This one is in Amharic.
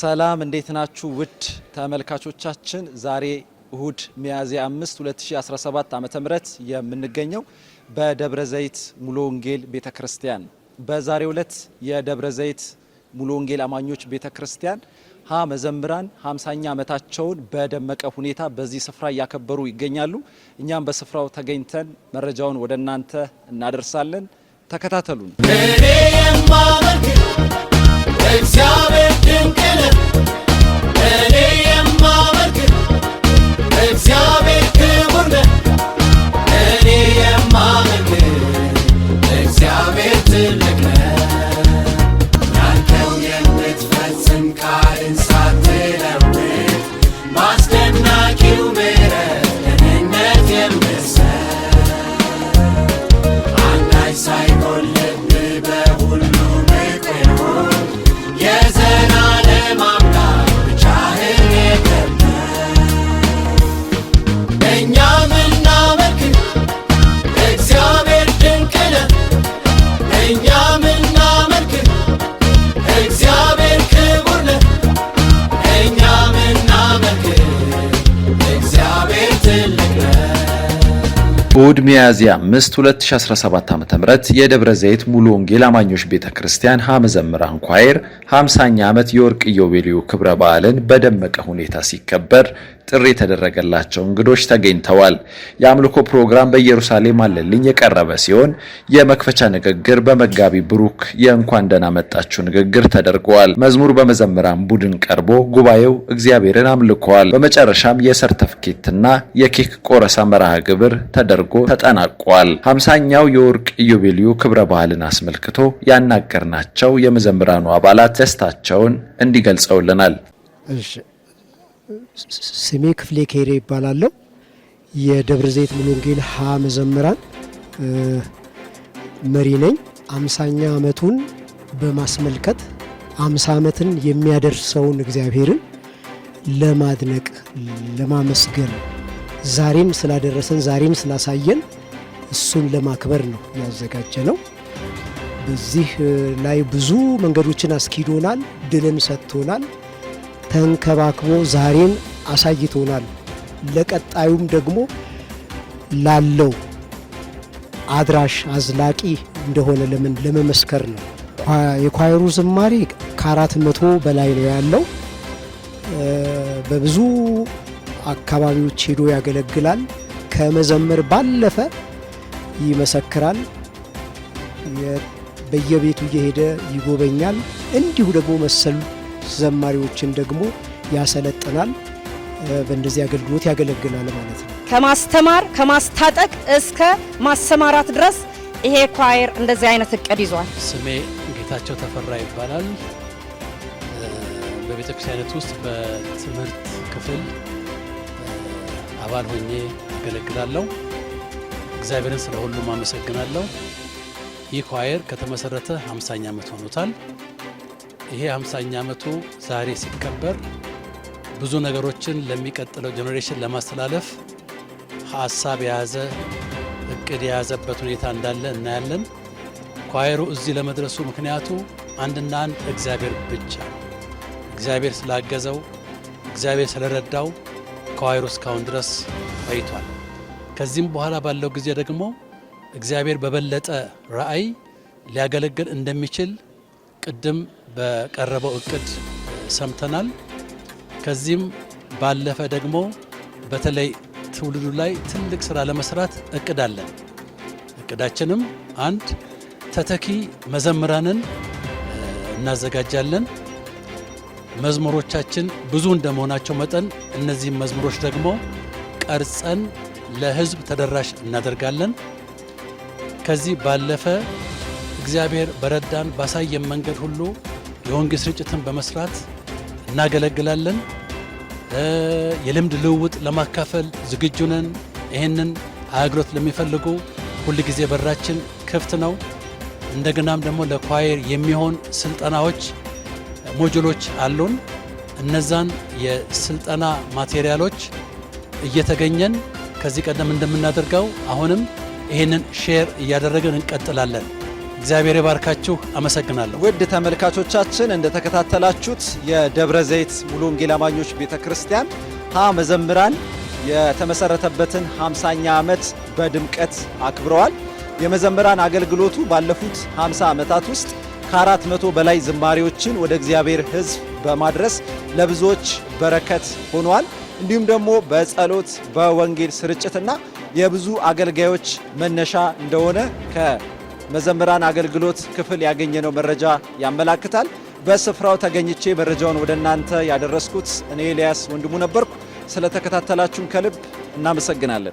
ሰላም እንዴት ናችሁ? ውድ ተመልካቾቻችን ዛሬ እሁድ ሚያዝያ 5 2017 ዓመተ ምህረት የምንገኘው በደብረ ዘይት ሙሉ ወንጌል ቤተክርስቲያን በዛሬ ዕለት የደብረ ዘይት ሙሉ ወንጌል አማኞች ቤተክርስቲያን ሀ መዘምራን 50ኛ ዓመታቸውን በደመቀ ሁኔታ በዚህ ስፍራ እያከበሩ ይገኛሉ። እኛም በስፍራው ተገኝተን መረጃውን ወደ እናንተ እናደርሳለን። ተከታተሉን። እግዚአብሔር ድንቅ ነው። እሁድ ሚያዝያ 5 2017 ዓ.ም የደብረ ዘይት ሙሉ ወንጌል አማኞች ቤተ ክርስቲያን ሀመዘምራን ኳየር 50ኛ ዓመት የወርቅ ኢዮቤልዩ ክብረ በዓልን በደመቀ ሁኔታ ሲከበር ጥሪ የተደረገላቸው እንግዶች ተገኝተዋል። የአምልኮ ፕሮግራም በኢየሩሳሌም አለልኝ የቀረበ ሲሆን የመክፈቻ ንግግር በመጋቢ ብሩክ የእንኳን ደህና መጣችሁ ንግግር ተደርገዋል። መዝሙር በመዘምራን ቡድን ቀርቦ ጉባኤው እግዚአብሔርን አምልከዋል። በመጨረሻም የሰርተፍኬትና የኬክ ቆረሳ መርሃ ግብር ተደርጓል። ተደርጎ ተጠናቋል። ሀምሳኛው የወርቅ ኢዮቤልዩ ክብረ በዓልን አስመልክቶ ያናገርናቸው የመዘምራኑ አባላት ደስታቸውን እንዲገልጸውልናል። ስሜ ክፍሌ ኬሬ ይባላለሁ። የደብረ ዘይት ሙሉ ወንጌል ሀ መዘምራን መሪ ነኝ። አምሳኛ ዓመቱን በማስመልከት አምሳ ዓመትን የሚያደርሰውን እግዚአብሔርን ለማድነቅ ለማመስገን ዛሬም ስላደረሰን ዛሬም ስላሳየን እሱን ለማክበር ነው ያዘጋጀ ነው። በዚህ ላይ ብዙ መንገዶችን አስኪዶናል፣ ድልም ሰጥቶናል፣ ተንከባክቦ ዛሬን አሳይቶናል። ለቀጣዩም ደግሞ ላለው አድራሽ አዝላቂ እንደሆነ ለምን ለመመስከር ነው። የኳየሩ ዝማሬ ከአራት መቶ በላይ ነው ያለው በብዙ አካባቢዎች ሄዶ ያገለግላል። ከመዘመር ባለፈ ይመሰክራል። በየቤቱ እየሄደ ይጎበኛል። እንዲሁ ደግሞ መሰል ዘማሪዎችን ደግሞ ያሰለጥናል። በእንደዚህ አገልግሎት ያገለግላል ማለት ነው። ከማስተማር ከማስታጠቅ እስከ ማሰማራት ድረስ ይሄ ኳየር እንደዚህ አይነት እቅድ ይዟል። ስሜ ጌታቸው ተፈራ ይባላል። በቤተክርስቲያኒት ውስጥ በትምህርት ክፍል አባል ሆኜ አገለግላለሁ። እግዚአብሔርን ስለ ሁሉም አመሰግናለሁ። ይህ ኳየር ከተመሰረተ 50ኛ ዓመት ሆኖታል። ይሄ 50ኛ ዓመቱ ዛሬ ሲከበር ብዙ ነገሮችን ለሚቀጥለው ጀኔሬሽን ለማስተላለፍ ሀሳብ የያዘ እቅድ የያዘበት ሁኔታ እንዳለ እናያለን። ኳየሩ እዚህ ለመድረሱ ምክንያቱ አንድና አንድ እግዚአብሔር ብቻ፣ እግዚአብሔር ስላገዘው፣ እግዚአብሔር ስለረዳው ከዋይሮ እስካሁን ድረስ ቆይቷል። ከዚህም በኋላ ባለው ጊዜ ደግሞ እግዚአብሔር በበለጠ ራእይ ሊያገለግል እንደሚችል ቅድም በቀረበው እቅድ ሰምተናል። ከዚህም ባለፈ ደግሞ በተለይ ትውልዱ ላይ ትልቅ ስራ ለመስራት እቅድ አለን። እቅዳችንም አንድ ተተኪ መዘምራንን እናዘጋጃለን። መዝሙሮቻችን ብዙ እንደመሆናቸው መጠን እነዚህም መዝሙሮች ደግሞ ቀርጸን ለህዝብ ተደራሽ እናደርጋለን። ከዚህ ባለፈ እግዚአብሔር በረዳን ባሳየን መንገድ ሁሉ የወንጌል ስርጭትን በመስራት እናገለግላለን። የልምድ ልውውጥ ለማካፈል ዝግጁ ነን። ይህንን አገልግሎት ለሚፈልጉ ሁል ጊዜ በራችን ክፍት ነው። እንደገናም ደግሞ ለኳየር የሚሆን ስልጠናዎች ሞጁሎች አሉን። እነዛን የስልጠና ማቴሪያሎች እየተገኘን ከዚህ ቀደም እንደምናደርገው አሁንም ይህንን ሼር እያደረግን እንቀጥላለን። እግዚአብሔር ይባርካችሁ። አመሰግናለሁ። ውድ ተመልካቾቻችን እንደተከታተላችሁት የደብረ ዘይት ሙሉ ወንጌል አማኞች ቤተ ክርስቲያን ሀ መዘምራን የተመሰረተበትን 50ኛ ዓመት በድምቀት አክብረዋል። የመዘምራን አገልግሎቱ ባለፉት 50 ዓመታት ውስጥ ከአራት መቶ በላይ ዝማሬዎችን ወደ እግዚአብሔር ሕዝብ በማድረስ ለብዙዎች በረከት ሆኗል። እንዲሁም ደግሞ በጸሎት በወንጌል ስርጭትና የብዙ አገልጋዮች መነሻ እንደሆነ ከመዘምራን አገልግሎት ክፍል ያገኘነው መረጃ ያመላክታል። በስፍራው ተገኝቼ መረጃውን ወደ እናንተ ያደረስኩት እኔ ኤልያስ ወንድሙ ነበርኩ። ስለተከታተላችሁን ከልብ እናመሰግናለን።